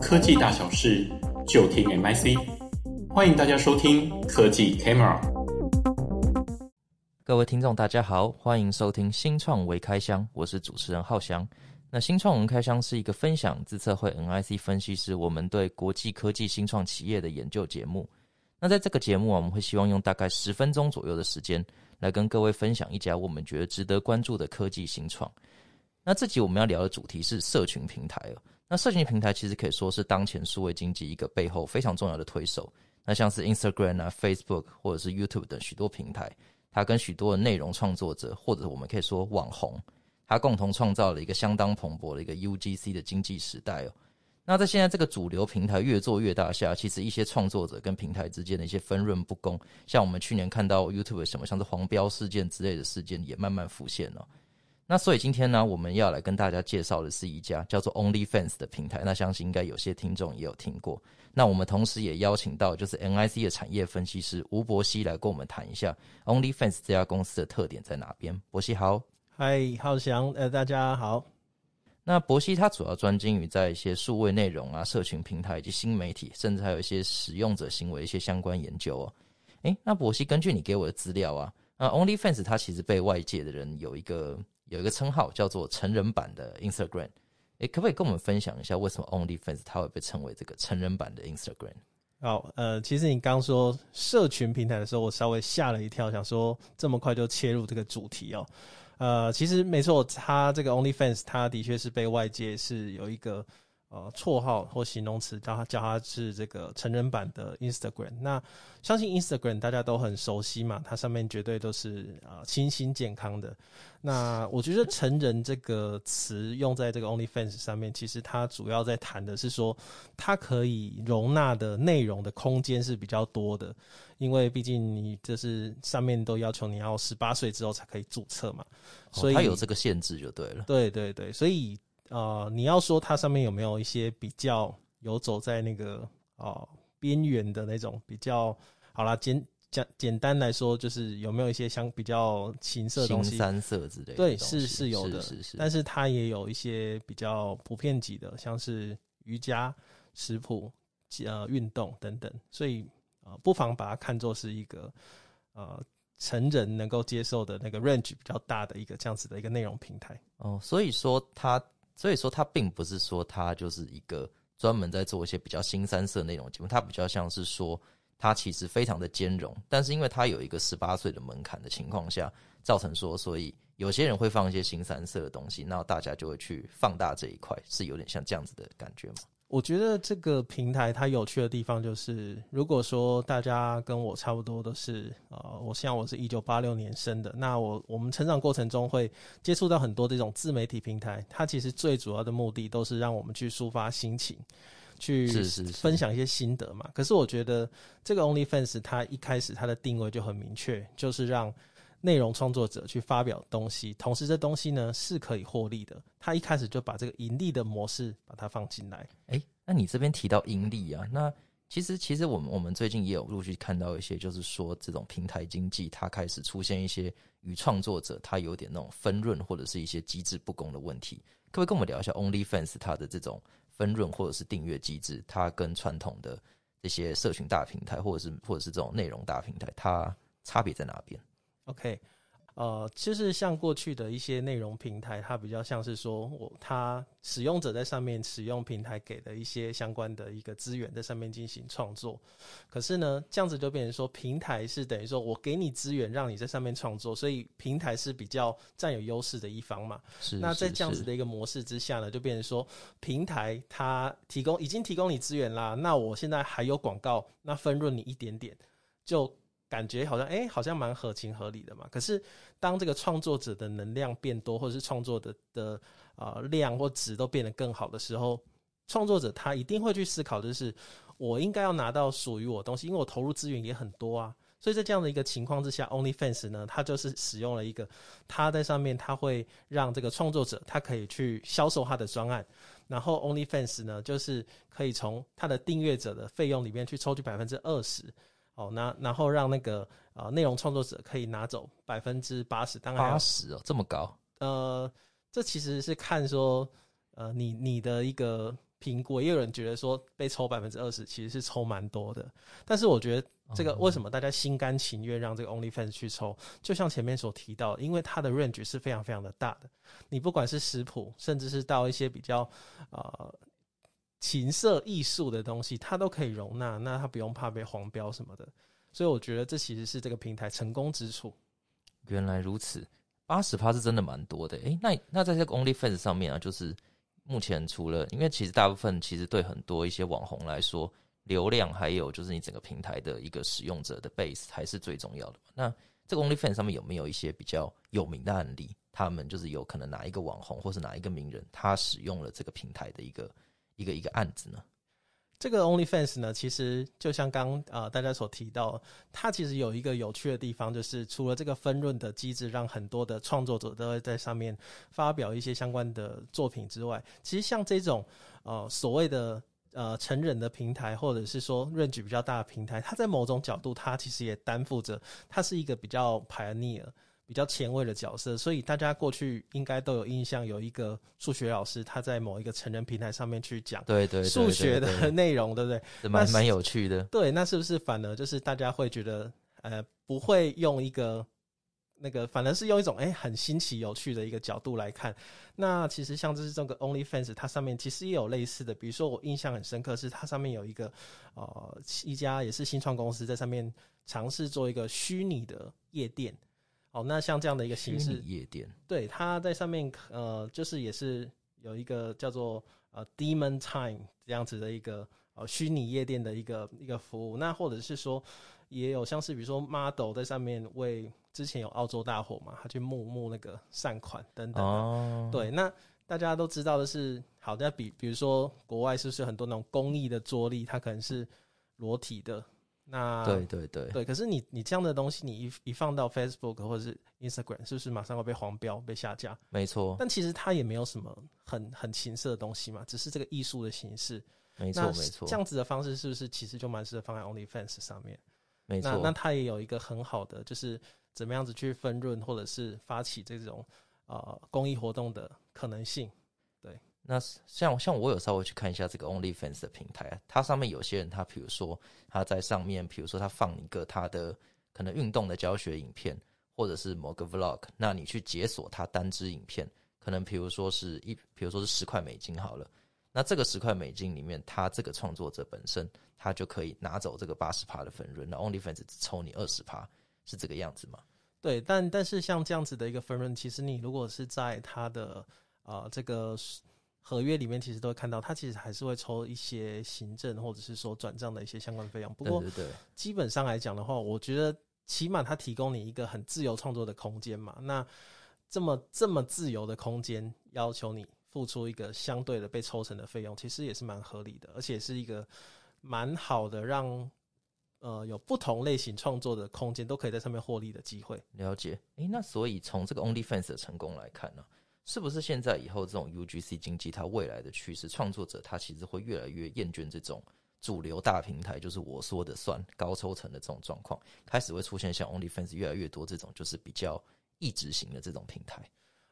科技大小事就聽 MIC。歡迎大家收聽科技 Camera。各位聽眾大家好，歡迎收聽新創微開箱，我是主持人浩翔。那新創微開箱是一個分享資策會 MIC 分析師我們對國際科技新創企業的研究節目。那在這個節目啊，我們會希望用大概十分鐘左右的時間來跟各位分享一家我們覺得值得關注的科技新創。那這集我們要聊的主題是社群平台那社群平台其實可以說是當前數位經濟一個背後非常重要的推手。那像是 Instagram 啊、Facebook 或者是 YouTube 等許多平台，它跟許多內容創作者或者我們可以說網紅，它共同創造了一個相當蓬勃的一個 UGC 的經濟時代哦、喔。那在現在這個主流平台越做越大下，其實一些創作者跟平台之間的一些分潤不公，像我們去年看到 YouTube 什麼像是黃標事件之類的事件也慢慢浮現了、喔。那所以今天呢，我們要來跟大家介紹的是一家叫做 OnlyFans 的平台。那相信應該有些聽眾也有聽過。那我們同時也邀請到就是 NIC 的產業分析師吳柏羲來跟我們談一下 OnlyFans 這家公司的特點在哪邊。柏羲好，嗨，浩翔，呃，大家好。那柏羲他主要專精於在一些數位內容啊、社群平台以及新媒體，甚至還有一些使用者行為一些相關研究、喔。哎、欸，那柏羲根據你給我的資料啊，那 OnlyFans 它其實被外界的人有一個有一個稱號叫做成人版的 Instagram，欸，可不可以跟我們分享一下為什麼 OnlyFans 它會被稱為這個成人版的 Instagram？好，oh，呃，其實你剛說社群平台的時候，我稍微嚇了一跳，想說這麼快就切入這個主題哦。呃，其實沒錯，它這個 OnlyFans 它的確是被外界是有一個。呃，綽號或形容詞叫他叫它是這個成人版的 Instagram。那相信 Instagram 大家都很熟悉嘛，它上面絕對都是啊、呃、清新健康的。那我覺得“成人”這個詞用在這個 OnlyFans 上面，其實它主要在談的是說，它可以容納的內容的空間是比較多的，因為畢竟你就是上面都要求你要十八歲之後才可以註冊嘛，所以它、哦、有這個限制就對了。對對對，所以。啊、呃，你要說它上面有沒有一些比較游走在那個啊邊緣的那種比較好啦簡簡簡單來說，就是有沒有一些相比較情色的東西、青三色之類的對，是是，是有的，是是是，但是它也有一些比較普遍級的，像是瑜伽食譜、呃運動等等，所以啊、呃，不妨把它看作是一個呃成人能夠接受的那個 range 比較大的一個這樣子的一個內容平台哦，所以說它。所以說，它並不是說它就是一個專門在做一些比較腥羶色那種節目，它比較像是說它其實非常的兼容，但是因為它有一個十八歲的門檻的情況下，造成說，所以有些人會放一些腥羶色的東西，那大家就會去放大這一塊，是有點像這樣子的感覺嗎？我覺得這個平台它有趣的地方就是，如果說大家跟我差不多都是呃。我像我是一九八六年生的，那我我們成長過程中會接觸到很多這種自媒體平台，它其實最主要的目的都是讓我們去抒發心情，去是是是分享一些心得嘛。可是我覺得這個 OnlyFans 它一開始它的定位就很明確，就是讓。內容創作者去發表東西，同時這東西呢是可以獲利的。他一開始就把這個盈利的模式把它放進來。誒、欸，那你這邊提到盈利啊，那其實其實我們我們最近也有陸續看到一些，就是說這種平台經濟它開始出現一些與創作者他有點那種分潤或者是一些機制不公的問題。可不可以跟我們聊一下 OnlyFans 它的這種分潤或者是訂閱機制，它跟傳統的這些社群大平台或者是或者是這種內容大平台它差別在哪邊？OK，呃，就是像過去的一些內容平台，它比較像是說我，它使用者在上面使用平台給的一些相關的一個資源，在上面進行創作。可是呢，這樣子就變成說，平台是等於說我給你資源，讓你在上面創作，所以平台是比較佔有優勢的一方嘛。是，是。那在這樣子的一個模式之下呢，就變成說，平台它提供已經提供你資源啦，那我現在還有廣告，那分潤你一點點，就。感覺好像哎、欸，好像蠻合情合理的嘛。可是，當這個創作者的能量變多，或者是創作的的啊、呃、量或值都變得更好的時候，創作者他一定會去思考，就是我應該要拿到屬於我東西，因為我投入資源也很多啊。所以在這樣的一個情況之下，OnlyFans 呢，他就是使用了一個，他在上面他會讓這個創作者他可以去銷售他的專案，然後 OnlyFans 呢，就是可以從他的訂閱者的費用裡面去抽取百分之二十。哦，那然後讓那個啊、呃、內容創作者可以拿走百分之八十，當然八十哦，這麼高？呃，這其實是看說，呃，你你的一個蘋果，也有人覺得說被抽百分之二十其實是抽蠻多的，但是我覺得這個為什麼大家心甘情願讓這個 OnlyFans 去抽？就像前面所提到的，因為它的 range 是非常非常的大的，你不管是食譜，甚至是到一些比較啊。呃情色藝術的東西，它都可以容納，那它不用怕被黃標什麼的，所以我覺得這其實是這個平台成功之處。原來如此，八十趴是真的蠻多的欸。誒、欸，那那在這個 OnlyFans 上面啊，就是目前除了，因為其實大部分其實對很多一些網紅來說，流量還有就是你整個平台的一個使用者的 base 才是最重要的嘛。那這個 OnlyFans 上面有沒有一些比較有名的案例？他們就是有可能哪一個網紅或是哪一個名人，他使用了這個平台的一個。一個一個案子呢，這個 OnlyFans 呢，其實就像剛啊、呃、大家所提到，它其實有一個有趣的地方，就是除了這個分潤的機制讓很多的創作者都會在上面發表一些相關的作品之外，其實像這種呃所謂的呃成人的平台，或者是說 range 比較大的平台，它在某種角度，它其實也擔負着，它是一個比較 pioneer。比較前衛的角色，所以大家過去應該都有印象，有一個數學老師他在某一個成人平台上面去講數學的內容，對對對對，對不對？是蠻是蠻有趣的。對，那是不是反而就是大家會覺得呃不會用一個那個，反而是用一種哎、欸、很新奇有趣的一個角度來看？那其實像這是這個 OnlyFans，它上面其實也有類似的，比如說我印象很深刻是它上面有一個呃一家也是新創公司在上面嘗試做一個虛擬的夜店。哦，那像這樣的一個形式，虛擬夜店，對，他在上面呃，就是也是有一個叫做呃 Demon Time 這樣子的一個呃虛擬夜店的一個一個服務。那或者是說，也有像是比如說 Model 在上面為之前有澳洲大火嘛，他去募募那個善款等等啊。哦，對，那大家都知道的是，好，那比比如說國外是不是很多那種公益的桌曆，它可能是裸體的。那對對對對，可是你你這樣的東西，你一一放到 Facebook 或者是 Instagram，是不是馬上會被黃標被下架？沒錯。但其實它也沒有什麼很很情色的東西嘛，只是這個藝術的形式。沒錯沒錯，那這樣子的方式是不是其實就蠻適合放在 OnlyFans 上面？沒錯。那那它也有一個很好的，就是怎麼樣子去分潤或者是發起這種呃公益活動的可能性。那像像我有稍微去看一下這個 OnlyFans 的平台，它上面有些人，他比如說他在上面，比如說他放一個他的可能運動的教學影片，或者是某個 Vlog，那你去解鎖他單支影片，可能比如說是一，比如說是十塊美金好了，那這個十塊美金裡面，他這個創作者本身他就可以拿走這個八十趴的分潤，那 OnlyFans 只抽你二十趴，是這個樣子嗎？對，但但是像這樣子的一個分潤，其實你如果是在他的啊、呃、這個。合約裡面其實都會看到，它其實還是會抽一些行政或者是說轉賬的一些相關費用。不過，基本上來講的話，我覺得起碼它提供你一個很自由創作的空間嘛。那這麼這麼自由的空間，要求你付出一個相對的被抽成的費用，其實也是蠻合理的，而且是一個蠻好的讓呃有不同類型創作的空間都可以在上面獲利的機會。了解。哎，那所以從這個 OnlyFans 的成功來看呢、啊？是不是現在以後這種 UGC 經濟，它未來的趨勢，創作者他其實會越來越厭倦這種主流大平台，就是我說的算、高抽成的這種狀況，開始會出現像 OnlyFans 越來越多這種就是比較異質型的這種平台。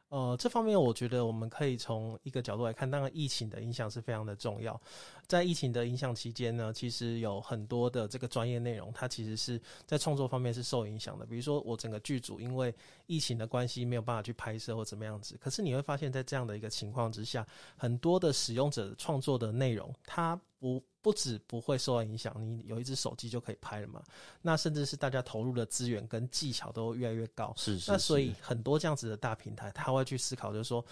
呃，這方面我覺得我們可以從一個角度來看，當然疫情的影響是非常的重要。在疫情的影響期間呢，其實有很多的這個專業內容，它其實是在創作方面是受影響的。比如說，我整個劇組因為疫情的關係沒有辦法去拍攝或怎麼樣子。可是你會發現，在這樣的一個情況之下，很多的使用者創作的內容，它。不不止不會受到影響，你有一隻手機就可以拍了嘛，那甚至是大家投入的資源跟技巧都越來越高。是是是。那所以很多這樣子的大平台，是是他會去思考，就是說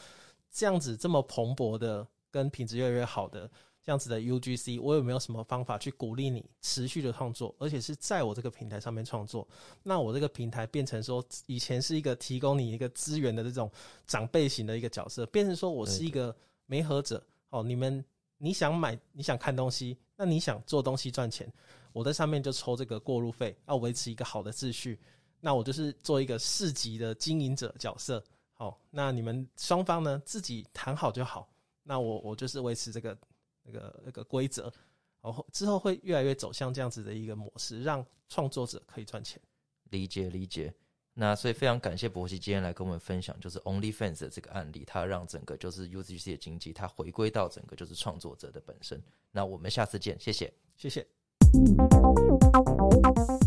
這樣子這麼蓬勃的，跟品質越來越好的這樣子的 UGC，我有沒有什麼方法去鼓勵你持續的創作，而且是在我這個平台上面創作？那我這個平台變成說，以前是一個提供你一個資源的這種長輩型的一個角色，變成說我是一個媒合者。嗯、哦，你們。你想買，你想看東西，那你想做東西賺錢，我在上面就抽這個過路費，要、啊、維持一個好的秩序，那我就是做一個市集的經營者角色。好，那你們雙方呢自己談好就好，那我我就是維持這個那個那個規則，然後之後會越來越走向這樣子的一個模式，讓創作者可以賺錢。理解理解。那所以非常感謝柏羲今天來跟我們分享，就是 OnlyFans 的這個案例，它讓整個就是 UGC 的經濟，它回歸到整個就是創作者的本身。那我們下次見，謝謝，謝謝。